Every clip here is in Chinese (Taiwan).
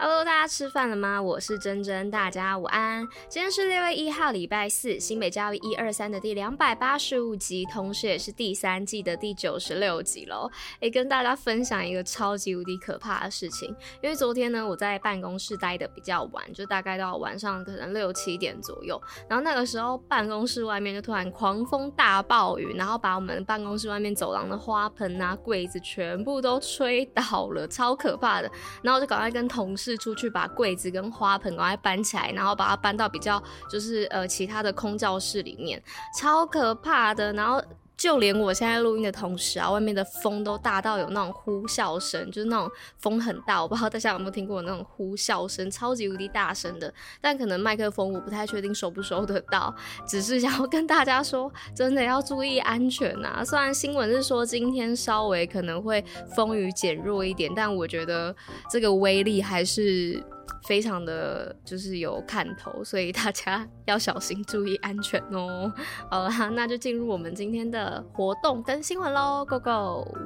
Hello，大家吃飯了嗎？我是珍珍，大家午安。今天是六月一號，禮拜四，新北教育一二三的第兩百八十五集，同時也是第三季的第九十六集囉。也、欸、跟大家分享一個超級無敵可怕的事情，因為昨天呢，我在辦公室待的比較晚，就大概到晚上可能六七點左右，然後那個時候辦公室外面就突然狂風大暴雨，然後把我們辦公室外面走廊的花盆啊、櫃子全部都吹倒了，超可怕的。然後我就趕快跟同事。是出去把櫃子跟花盆往外搬起來，然後把它搬到比較就是呃其他的空教室裡面，超可怕的。然後。就連我現在錄音的同時啊，外面的風都大到有那種呼嘯聲，就是那種風很大。我不知道大家有沒有聽過那種呼嘯聲，超級無敵大聲的。但可能麥克風我不太確定收不收得到，只是想要跟大家說，真的要注意安全啊。雖然新聞是說今天稍微可能會風雨減弱一點，但我覺得這個威力還是。非常的就是有看頭，所以大家要小心注意安全哦！好啦，那就進入我們今天的活動跟新聞嘍，Go Go！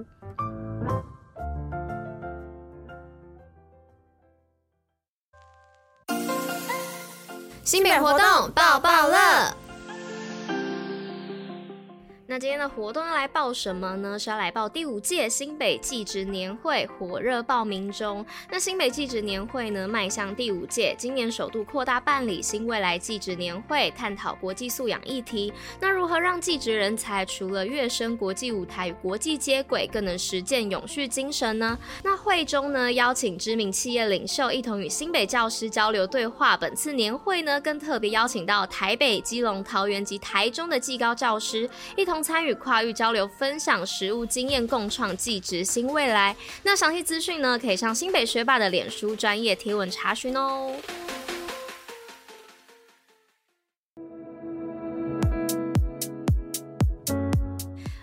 新北活動報報樂。抱抱了那今天的活動要來報什麼呢？是要來報第五屆新北技職年會，火熱報名中。那新北技職年會呢，邁向第五屆，今年首度擴大辦理新未來技職年會，探討國際素養議題。那如何讓技職人才除了躍升國際舞台與國際接軌，更能實踐永續精神呢？那會中呢，邀請知名企業領袖一同與新北教師交流對話。本次年會呢，更特別邀請到台北、基隆、桃園及台中的技高教師一同。參與跨域交流，分享實務經驗，共創技職新未來。那詳細資訊呢，可以上新北學霸的臉書專頁貼文查詢哦。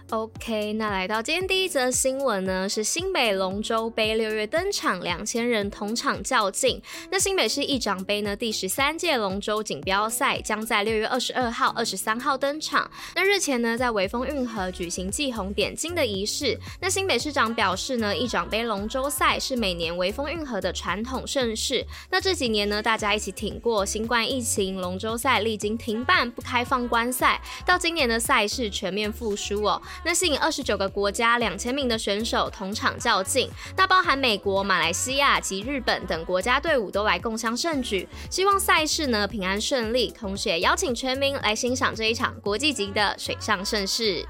OK，那來到今天第一則新聞呢，是新北龍舟杯六月登場，兩千人同場較勁。那新北市議長杯呢，第十三屆龍舟錦標賽將在六月二十二號、二十三號登場。那日前呢，在微風運河舉行祭紅點睛的儀式。那新北市長表示呢，議長杯龍舟賽是每年微風運河的傳統盛事。那這幾年呢，大家一起挺過新冠疫情，龍舟賽歷經停辦、不開放觀賽，到今年的賽事全面復甦哦。那吸引二十九個國家兩千名的選手同場較勁，那包含美國、馬來西亞及日本等國家隊伍都來共襄盛舉，希望賽事呢平安順利，同時也邀請全民來欣賞這一場國際級的水上盛事。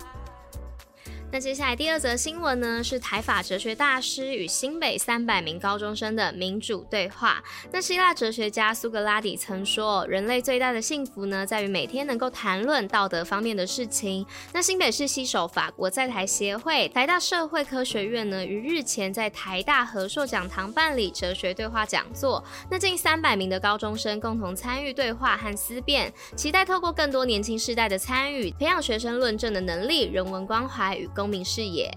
那接下來第二則新聞呢，是台法哲學大師與新北三百名高中生的民主對話。那希臘哲學家蘇格拉底曾說，人類最大的幸福呢，在於每天能夠談論道德方面的事情。那新北市攜手法國在台協會、台大社會科學院呢，於日前在台大和碩講堂辦理哲學對話講座。那近三百名的高中生共同參與對話和思辨，期待透過更多年輕世代的參與，培養學生論證的能力、人文關懷與。聰明視野。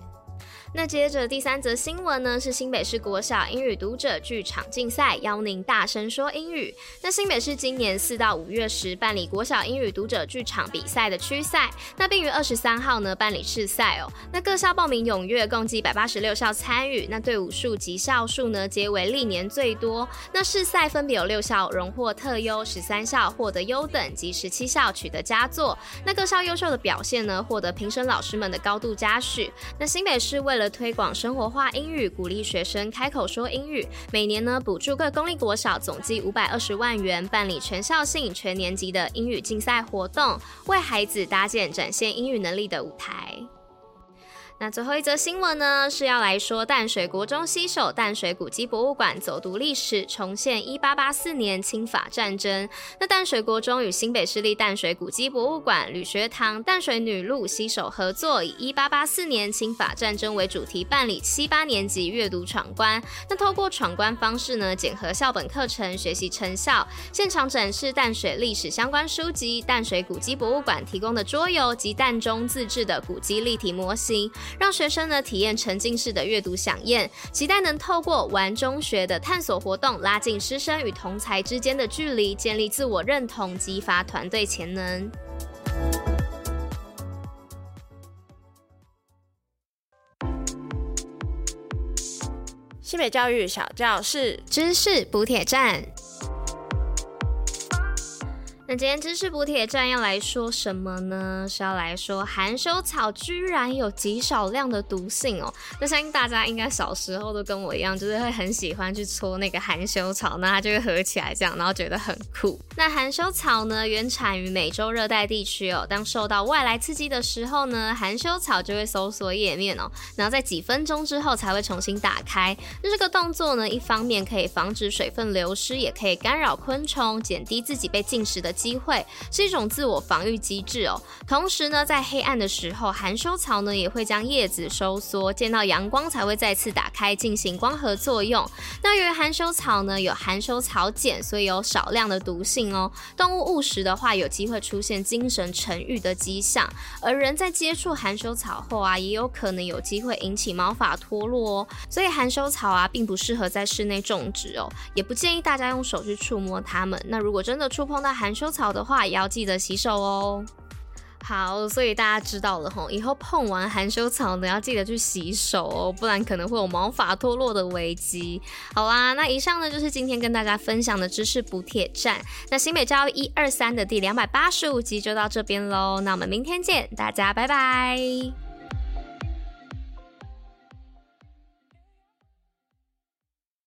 那接着第三則新聞呢，是新北市國小英語讀者劇場競賽，邀您大聲說英語。那新北市今年四到五月時辦理國小英語讀者劇場比賽的區賽，那並於二十三號呢辦理市賽哦。那各校報名踴躍，共計一百八十六校參與，那隊伍數及校數呢皆為歷年最多。那市賽分別有六校榮獲特優，十三校獲得優等及十七校取得佳作。那各校優秀的表現呢，獲得評審老師們的高度嘉許。那新北市為了推廣生活化英語，鼓勵學生開口說英語。每年呢，補助各公立國小總計五百二十萬元，辦理全校性、全年級的英語競賽活動，為孩子搭建展現英語能力的舞台。那最後一則新聞呢，是要來說淡水國中攜手淡水古蹟博物館走讀歷史，重現1884年清法戰爭。那淡水國中與新北市立淡水古蹟博物館、呂學堂、淡水女路攜手合作，以1884年清法戰爭為主題，辦理七八年級閱讀闖關。那透過闖關方式呢，檢核校本課程學習成效。現場展示淡水歷史相關書籍、淡水古蹟博物館提供的桌遊及淡中自製的古蹟立體模型。讓學生呢，體驗沉浸式的閱讀饗宴，期待能透過玩中學的探索活動，拉近師生與同儕之間的距離，建立自我認同，激發團隊潛能。新北教育小教室，知識補帖站。今天知識補帖站要來說什麼呢？是要來說含羞草居然有極少量的毒性哦、喔。那相信大家應該小時候都跟我一樣，就是會很喜歡去搓那個含羞草，那它就會合起來這樣，然後覺得很酷。那含羞草呢，原產於美洲熱帶地區哦、喔。當受到外來刺激的時候呢，含羞草就會收縮葉面哦、喔，然後在幾分鐘之後才會重新打開。那這個動作呢，一方面可以防止水分流失，也可以干擾昆蟲，減低自己被進食的機會是一種自我防禦機制哦。同時呢，在黑暗的時候，含羞草呢也會將葉子收縮，見到陽光才會再次打開進行光合作用。那由於含羞草呢有含羞草鹼，所以有少量的毒性哦。動物誤食的話，有機會出現精神沉鬱的跡象；而人在接觸含羞草後啊，也有可能有機會引起毛髮脫落哦。所以含羞草啊，並不適合在室內種植哦，也不建議大家用手去觸摸它們。那如果真的觸碰到含羞，草的話也要記得洗手哦。好，所以大家知道了吼，以後碰完含羞草呢要記得去洗手哦，不然可能會有毛髮脫落的危機。好啦，那以上呢就是今天跟大家分享的知識補帖站。那新北教育一二三的第兩百八十五集就到這邊嘍。那我們明天見，大家拜拜。